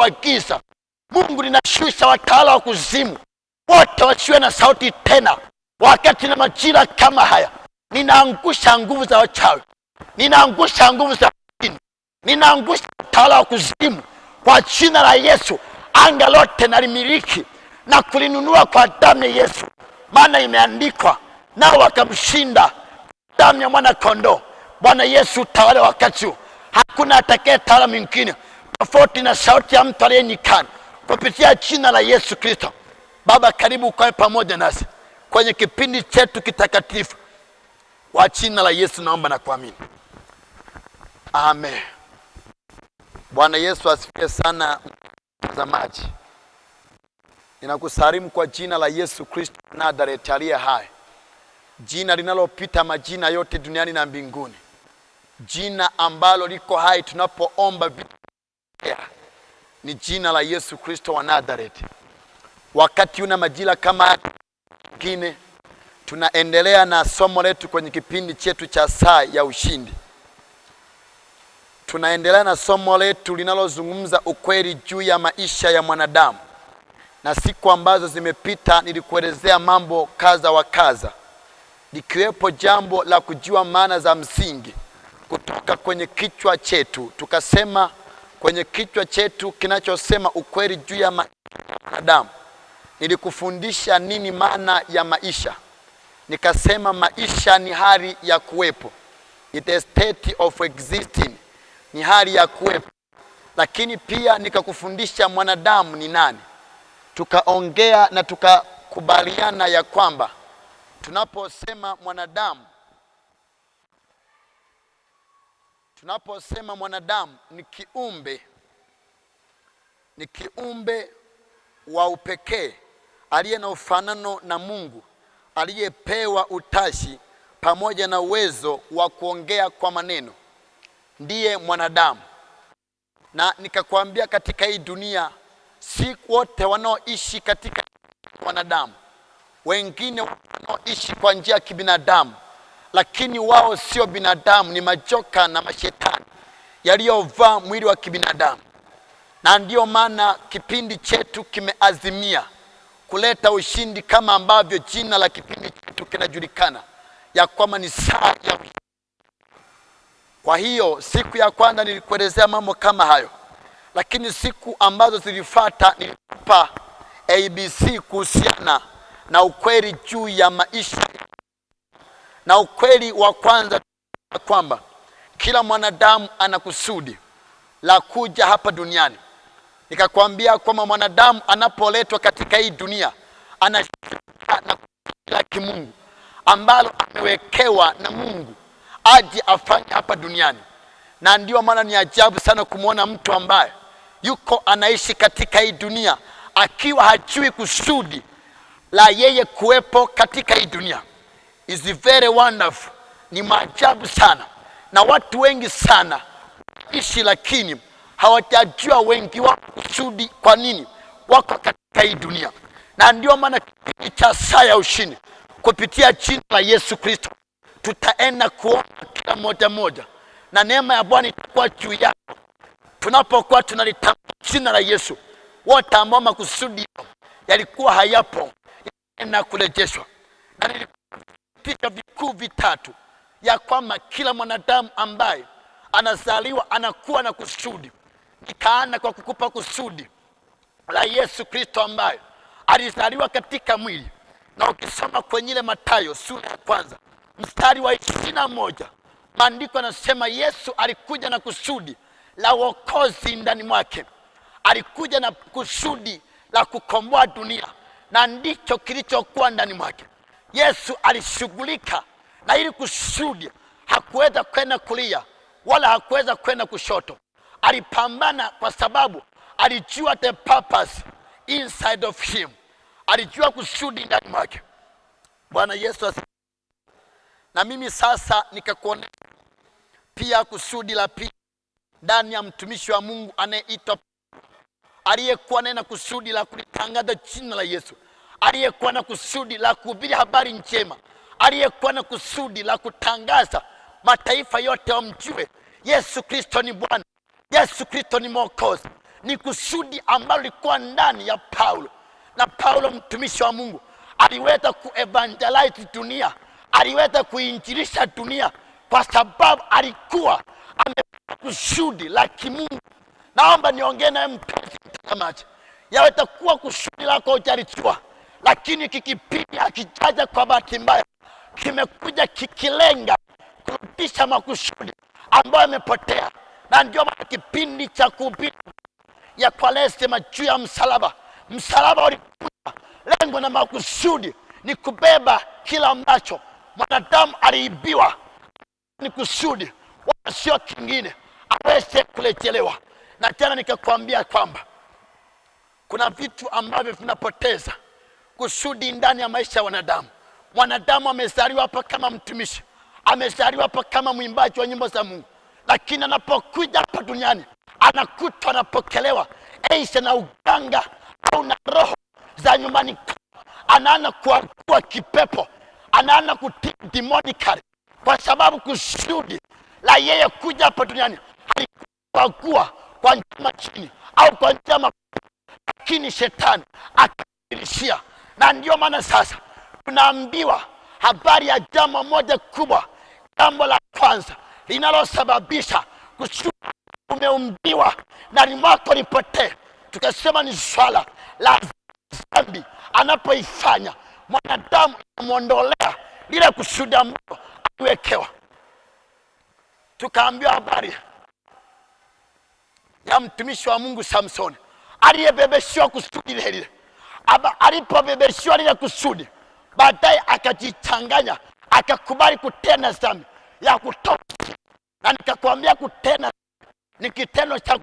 wa giza. Mungu, ninashusha watawala wa kuzimu wote, wasiwe na sauti tena wakati na majira kama haya. Ninaangusha nguvu za wachawi, ninaangusha nguvu za dini, ninaangusha watawala wa kuzimu kwa jina la Yesu. Anga lote nalimiliki na kulinunua kwa damu ya Yesu, maana imeandikwa, nao wakamshinda damu ya mwana kondoo. Bwana Yesu, tawala wakati huu, hakuna atakaye tawala mwingine tofauti na sauti ya mtu aliyenyikana. Kupitia jina la Yesu Kristo, Baba, karibu ukae pamoja nasi kwenye kipindi chetu kitakatifu. Kwa jina la Yesu naomba na kuamini, amen. Bwana Yesu asifiwe sana. Mtazamaji, ninakusalimu kwa jina la Yesu Kristo Nazareti aliye hai, jina linalopita majina yote duniani na mbinguni, jina ambalo liko hai tunapoomba vitu ni jina la Yesu Kristo wa Nazareti. Wakati una majira kama mengine, tunaendelea na somo letu kwenye kipindi chetu cha saa ya ushindi. Tunaendelea na somo letu linalozungumza ukweli juu ya maisha ya mwanadamu, na siku ambazo zimepita nilikuelezea mambo kadha wa kadha, likiwepo jambo la kujua maana za msingi kutoka kwenye kichwa chetu, tukasema kwenye kichwa chetu kinachosema ukweli juu ya maisha Nilikufundisha nini maana ya maisha? Nikasema maisha ni hali ya kuwepo, it is state of existing, ni hali ya kuwepo. Lakini pia nikakufundisha mwanadamu ni nani. Tukaongea na tukakubaliana ya kwamba tunaposema mwanadamu Tunaposema mwanadamu ni kiumbe, ni kiumbe wa upekee aliye na ufanano na Mungu, aliyepewa utashi pamoja na uwezo wa kuongea kwa maneno, ndiye mwanadamu. Na nikakwambia katika hii dunia si wote wanaoishi katika mwanadamu, wengine wanaoishi kwa njia ya kibinadamu lakini wao sio binadamu, ni majoka na mashetani yaliyovaa mwili wa kibinadamu. Na ndiyo maana kipindi chetu kimeazimia kuleta ushindi, kama ambavyo jina la kipindi chetu kinajulikana ya kwamba ni saa ya kwa hiyo siku ya kwanza nilikuelezea mambo kama hayo, lakini siku ambazo zilifuata nilikupa ABC kuhusiana na ukweli juu ya maisha na ukweli wa kwanza kwamba kila mwanadamu ana kusudi la kuja hapa duniani. Nikakwambia kwamba mwanadamu anapoletwa katika hii dunia ana na la kimungu ambalo amewekewa na Mungu aje afanye hapa duniani, na ndio maana ni ajabu sana kumwona mtu ambaye yuko anaishi katika hii dunia akiwa hajui kusudi la yeye kuwepo katika hii dunia is very wonderful, ni maajabu sana, na watu wengi sana ishi, lakini hawatajua wengi wao kusudi kwa nini wako katika hii dunia, na ndio maana kipindi cha saa ya ushindi kupitia jina la Yesu Kristo tutaenda kuona kila moja moja, na neema ya Bwana itakuwa juu yako tunapokuwa tunalitambua jina la Yesu. Wote ambao makusudi yalikuwa hayapo na kurejeshwa na vichwa vikuu vitatu, ya kwamba kila mwanadamu ambaye anazaliwa anakuwa na kusudi. Nikaana kwa kukupa kusudi la Yesu Kristo ambaye alizaliwa katika mwili, na ukisoma kwenye ile Mathayo sura ya kwanza mstari wa ishirini na moja maandiko anasema Yesu alikuja na kusudi la wokozi ndani mwake, alikuja na kusudi la kukomboa dunia, na ndicho kilichokuwa ndani mwake. Yesu alishughulika na ili kusudi, hakuweza kwenda kulia wala hakuweza kwenda kushoto. Alipambana kwa sababu alijua the purpose inside of him, alijua kusudi ndani mwake. Bwana Yesu Na mimi sasa nikakuonesha pia kusudi la pili ndani ya mtumishi wa Mungu anayeitwa aliyekuwa nena kusudi la kulitangaza jina la Yesu aliyekuwa na kusudi la kuhubiri habari njema, aliyekuwa na kusudi la kutangaza mataifa yote wamjue Yesu Kristo ni Bwana, Yesu Kristo ni Mwokozi. Ni kusudi ambalo lilikuwa ndani ya Paulo, na Paulo mtumishi wa Mungu aliweza kuevangelize dunia, aliweza kuinjilisha dunia kwa sababu alikuwa amepata kusudi la kimungu. Naomba niongee naye mpenzi mtazamaji, yaweza kuwa kusudi lako hujalijua lakini kikipiga hakijaja kwa bahati mbaya, kimekuja kikilenga kurudisha makusudi ambayo yamepotea. Na ndio maana kipindi cha kuhubiri ya Kwaresima juu ya msalaba, msalaba ulikuja, lengo na makusudi ni kubeba kila ambacho mwanadamu aliibiwa, ni kusudi wala sio kingine, aweze kurejelewa. Na tena nikakwambia kwamba kuna vitu ambavyo vinapoteza kusudi ndani ya maisha ya wanadamu. Mwanadamu amezaliwa hapa kama mtumishi, amezaliwa hapa kama mwimbaji wa nyimbo za Mungu, lakini anapokuja hapa duniani anakutwa anapokelewa aisha na uganga au na roho za nyumbani, anaana kuwa kipepo, anaana kudimonikari, kwa sababu kusudi la yeye kuja hapa duniani alikuwa kwa njia chini au kwa njia, lakini shetani akabadilishia na ndio maana sasa tunaambiwa habari ya jambo moja kubwa. Jambo la kwanza linalosababisha kushuka umeumbiwa na mwako lipotee, tukasema ni swala la dhambi. Anapoifanya mwanadamu inamwondolea lile kusudi ambalo aliwekewa. Tukaambiwa habari ya mtumishi wa Mungu Samsoni aliyebebeshiwa kusudi lile lile alipobebeshiwa lile kusudi, baadaye akajichanganya, akakubali kutenda dhambi ya kutoka. Na nikakwambia kutenda ni kitendo cha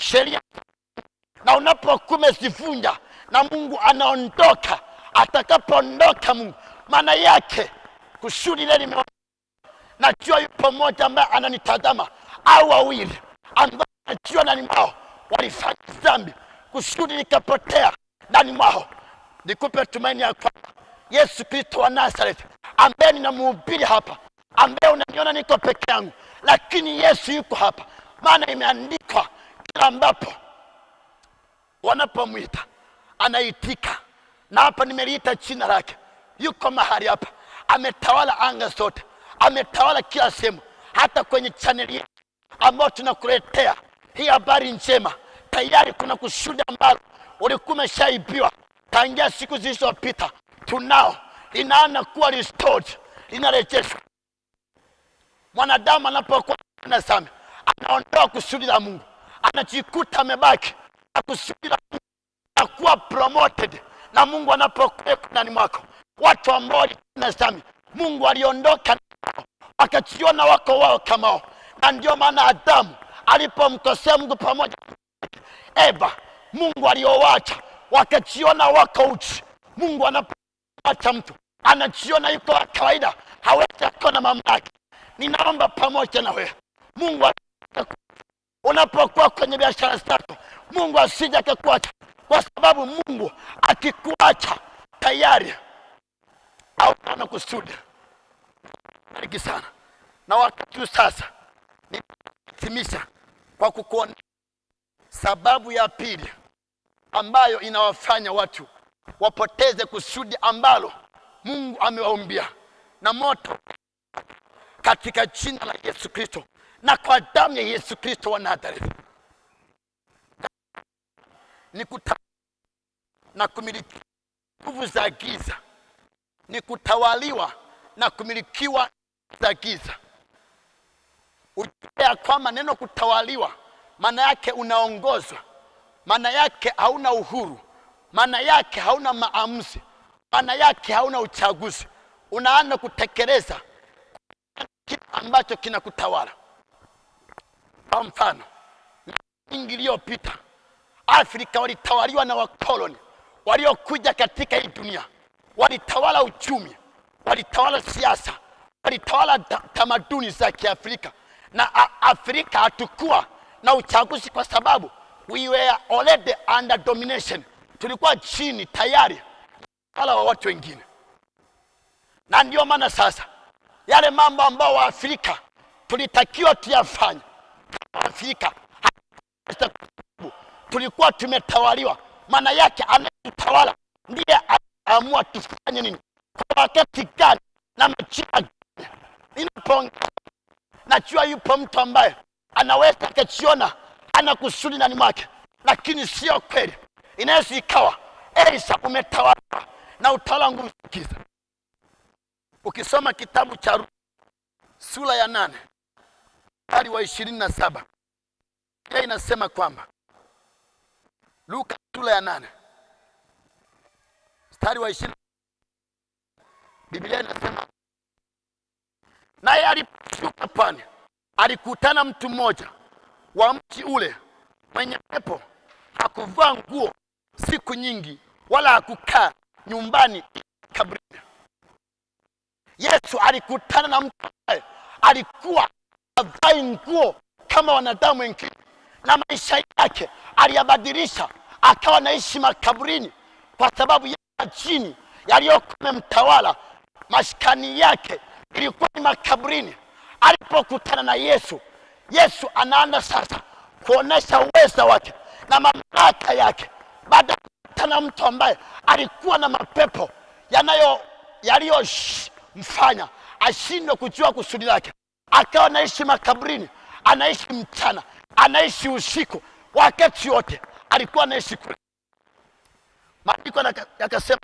sheria, na unapokume umezivunja na Mungu anaondoka. Atakapoondoka Mungu, maana yake kusudi lile lime, najua yupo mmoja ambaye ananitazama au wawili ambao najua nani wao walifanya dhambi kusudi likapotea ndani mwao. Nikupe tumaini ya kwamba Yesu Kristo wa Nazareth ambaye ninamhubiri hapa, ambaye unaniona niko peke yangu, lakini Yesu yuko hapa, maana imeandikwa kila ambapo wanapomwita anaitika, na hapa nimeliita jina lake. Yuko mahali hapa, ametawala anga zote, ametawala kila sehemu, hata kwenye chaneli yetu ambayo tunakuletea hii habari njema, tayari kuna kushuda ambalo ulikuwa umeshaibiwa tangia siku zilizopita, tunao linaanza kuwa restored, linarejeshwa. Mwanadamu anapokuwa anasame, anaondoa kusudi la Mungu, anajikuta amebaki na kusudi la Mungu, kuwa promoted na Mungu anapokuweka ndani mwako. Watu ambao nasami Mungu aliondoka wakajiona wako wao kamao, na ndio maana Adamu alipomkosea Mungu pamoja Eva Mungu aliowacha wakachiona wako uchi. Mungu anapoacha mtu anachiona yuko wa kawaida, hawezi akiwa na mamlaka. Ninaomba pamoja na wewe, Mungu unapokuwa kwenye biashara zako, Mungu asije akakuacha, kwa sababu Mungu akikuacha tayari au ana kusudi. Bariki sana, na wakati sasa nitimisha kwa kukuona sababu ya pili ambayo inawafanya watu wapoteze kusudi ambalo Mungu amewaumbia na moto katika jina la Yesu Kristo na kwa damu ya Yesu Kristo wa Nazareti, ni na kumiliki nguvu za giza, ni kutawaliwa na kumilikiwa za giza. Ujue ya kwamba neno kutawaliwa maana yake unaongozwa maana yake hauna uhuru, maana yake hauna maamuzi, maana yake hauna uchaguzi. Unaanza kutekeleza kile ambacho kinakutawala. Kwa mfano, mingi iliyopita Afrika walitawaliwa na wakoloni waliokuja katika hii dunia, walitawala uchumi, walitawala siasa, walitawala tamaduni za Kiafrika na Afrika hatukuwa na uchaguzi kwa sababu we were already under domination, tulikuwa chini tayari ala wa watu wengine, na ndio maana sasa yale mambo ambao Waafrika tulitakiwa tuyafanye, Afrika tulikuwa tumetawaliwa. Maana yake anayetawala ndiye aamua tufanye nini, kwa wakati gani na majira gani. Inapoongea najua yupo mtu ambaye anaweza akachiona ana kusudi ndani mwake, lakini sio kweli. Inaweza ikawa Elisha umetawala na utawala nguvu za giza. Ukisoma kitabu cha sura ya nane mstari wa ishirini na saba pia inasema kwamba Luka sura ya nane mstari wa ishirini Biblia inasema naye aliposhuka pwani alikutana mtu mmoja wa mti ule mwenye pepo hakuvaa nguo siku nyingi, wala hakukaa nyumbani kabrini. Yesu alikutana na mtu ambaye alikuwa avai nguo kama wanadamu wengine, na maisha yake aliyabadilisha, akawa naishi makaburini, kwa sababu ya chini yaliyokuwa yamemtawala mashikani yake ilikuwa ni makaburini. Alipokutana na Yesu Yesu anaanza sasa kuonesha uweza wake na mamlaka yake, baada ya kukutana mtu ambaye alikuwa na mapepo yanayo yaliyomfanya ashindwe kujua kusudi lake, akawa anaishi makaburini, anaishi mchana, anaishi usiku, wakati wote alikuwa anaishi kule. Maandiko yakasema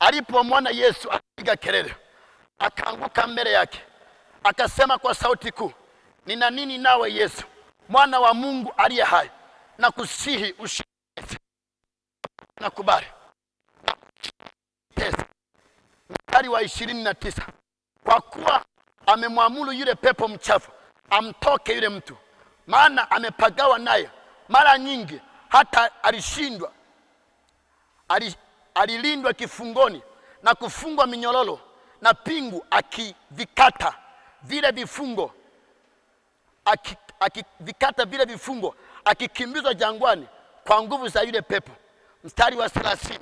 alipomwona Yesu akapiga kelele, akaanguka mbele yake akasema kwa sauti kuu, nina nini nawe Yesu mwana wa Mungu aliye hai? Na kusihi ushinde na kubali. Mstari wa ishirini na tisa, kwa kuwa amemwamuru yule pepo mchafu amtoke yule mtu, maana amepagawa naye mara nyingi, hata alishindwa alilindwa kifungoni na kufungwa minyororo na pingu akivikata vile vifungo akivikata vile vifungo, akikimbizwa jangwani kwa nguvu za yule pepo. Mstari wa 30,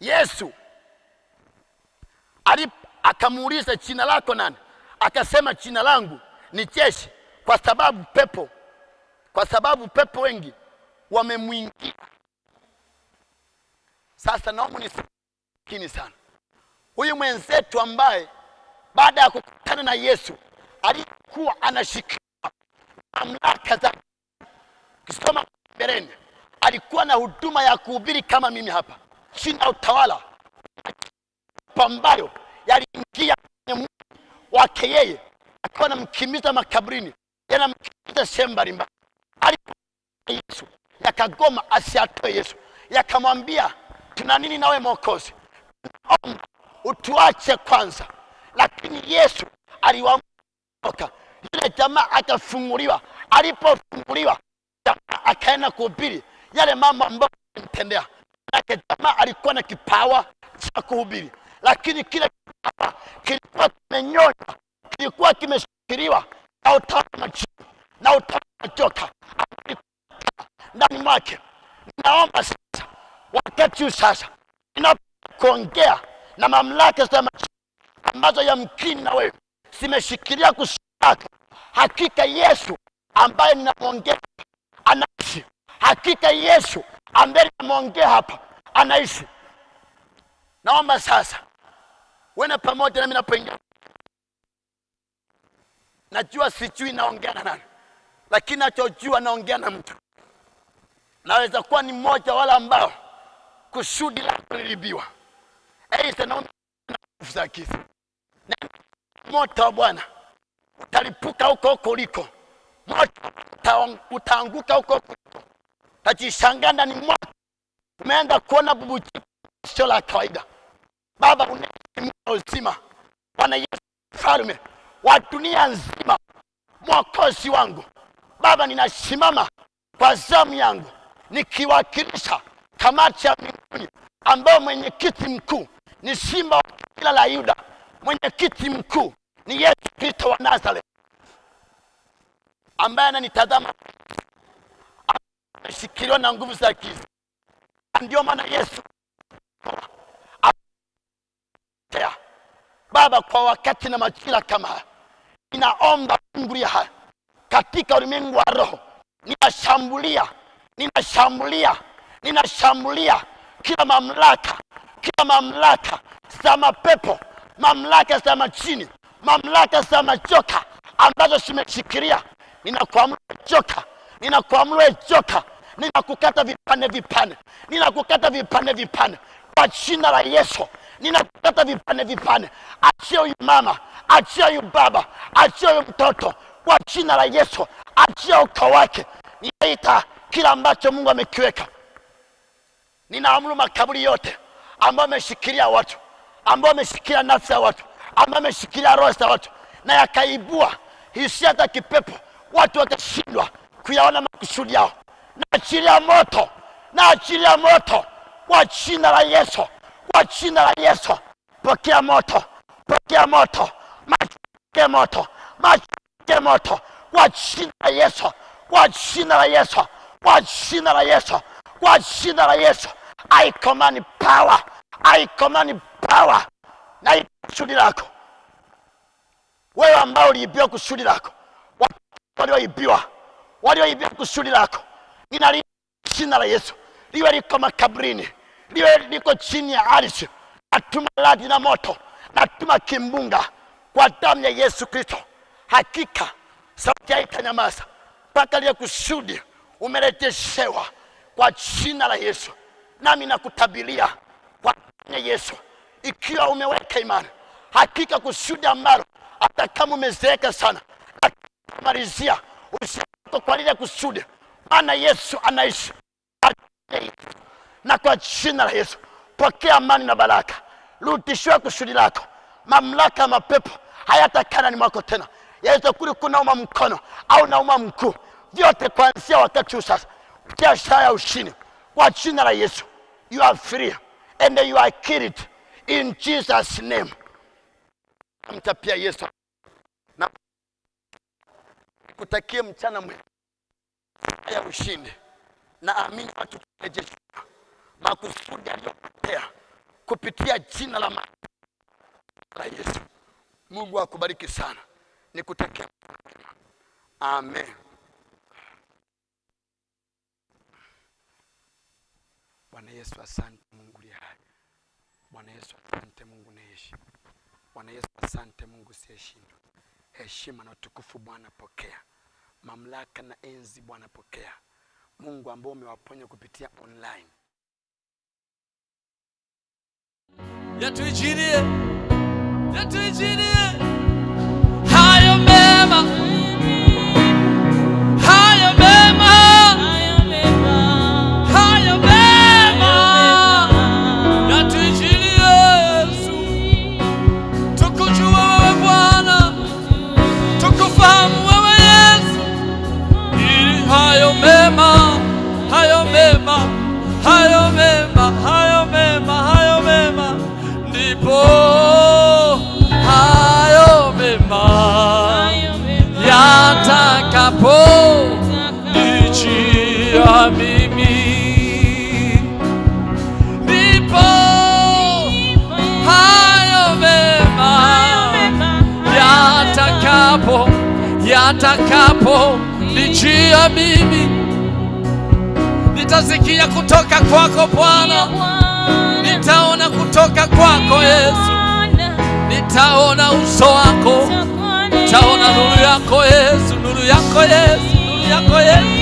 Yesu akamuuliza jina lako nani? Akasema jina langu ni Jeshi, kwa sababu pepo, kwa sababu pepo wengi wamemwingia. Sasa naomba nisikini sana huyu mwenzetu ambaye baada ya kukutana na Yesu aliyekuwa anashikiwa mamlaka za kisoma mbeleni, alikuwa na huduma ya kuhubiri kama mimi hapa, chini ya utawala pambayo yaliingia kwenye mwili wake yeye, akiwa anamkimbiza makaburini, yanamkimbiza sehemu mbalimbali. Yesu yakagoma asiatoe Yesu, yakamwambia tuna nini nawe Mwokozi? Omba utuache kwanza lakini Yesu aliwaoka Yule jamaa akafunguliwa, alipofunguliwa jamaa akaenda kuhubiri yale mambo ambayo yalimtendea yake. jamaa alikuwa na kipawa cha kuhubiri, lakini kile kipawa kilikuwa kimenyonywa, kilikuwa kimeshikiliwa na utawa na utawa wa ndani mwake. Naomba sasa, wakati huu sasa ninapoongea na mamlaka za majivu ambazo yamkini na wewe zimeshikilia kushaka. Hakika Yesu ambaye ninamwongea anaishi. Hakika Yesu ambaye ninamwongea hapa anaishi. Naomba sasa wene pamoja nami napoingia. Najua sijui naongea na nani, lakini nachojua naongea na mtu. Naweza kuwa ni mmoja wala ambao kusudi lako lilibiwa, aidha naomba nguvu za na moto wa Bwana utalipuka huko huko uliko, moto utaanguka huko huko, utajishangana ni moto umeenda kuona bubuchi, sio la kawaida. Baba uzima, Bwana Yesu mfalme wa dunia nzima, mwokozi wangu Baba, ninasimama kwa zamu yangu nikiwakilisha kamati ya mbinguni, ambao mwenyekiti mkuu ni simba wa kabila la Yuda mwenyekiti mkuu ni Yesu Kristo wa Nazareth, ambaye ananitazama ameshikiliwa na nguvu za giza. Ndio maana Yesu Baba, kwa wakati na majira kama haya, ninaomba Mungu haya katika ulimwengu wa roho, ninashambulia ninashambulia ninashambulia kila mamlaka kila mamlaka za mapepo mamlaka za majini, mamlaka za majoka ambazo zimeshikilia, ninakuamuru joka, ninakuamuru joka, ninakukata vipande vipande, ninakukata vipande vipande kwa jina la Yesu, ninakukata vipande vipande. Achia huyu mama, achia huyu baba, achia huyu mtoto kwa jina la Yesu, achia uko wake. Ninaita kila ambacho Mungu amekiweka, ninaamuru makaburi yote ambayo ameshikilia watu ambao ameshikilia nafsi ya watu, ambao ameshikilia roho za watu na yakaibua hisia za kipepo, watu watashindwa kuyaona makusudi yao. Na moto, na moto kwa jina la Yesu, kwa jina la Yesu. Pokea moto, pokea moto, machike moto, machike moto kwa jina la Yesu, kwa jina la Yesu, kwa jina la Yesu, kwa jina la Yesu. I command power I command power na kusudi lako wewe, ambao uliibiwa kusudi lako, walioibiwa walioibiwa kusudi lako, inali jina la Yesu liwe liko makaburini, liwe liko chini ya ardhi. Natuma radi na moto, natuma kimbunga kwa damu ya Yesu Kristo. Hakika sauti haitanyamaza mpaka lile kusudi umerejeshewa kwa jina la Yesu. Nami nakutabilia na Yesu ikiwa umeweka imani, hakika kusudi ambalo hata kama umezeeka sana malizia usioke kwa lile kusudi, maana Yesu anaishi. Na kwa jina la Yesu pokea amani na baraka, rudishiwe kusudi lako. Mamlaka ya mapepo hayatakana ni mwako tena. Yaweza kuli kunauma mkono au nauma mkuu, vyote kuanzia wakati huu sasa, biashara ya ushini kwa jina la Yesu, you are free and you are killed in Jesus name. Mtapia Yesu na kutakia mchana mwema ya ushindi, na amini watu tumerejeshwa makusudi aliyopotea kupitia jina la la Yesu. Mungu akubariki sana, nikutakia amen. Bwana Yesu, asante Mungu. Bwana Yesu asante. Mungu naheshimu. Bwana Yesu asante. Mungu usiyeshindwa, heshima na utukufu Bwana pokea, mamlaka na enzi Bwana pokea. Mungu ambao umewaponya kupitia online yatuijirie, yatuijirie mimi, nipo hayo mema yatakapo yatakapo nijia mimi, nitasikia kutoka kwako Bwana, nitaona kutoka kwako Yesu, nitaona uso wako, nitaona nuru yako Yesu, nuru yako Yesu, nuru yako Yesu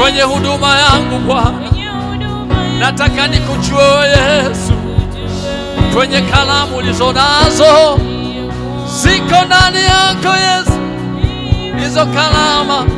kwenye huduma yangu Bwana, nataka nikujue Yesu, kwenye kalamu ulizo nazo ziko ndani yako Yesu, hizo kalamu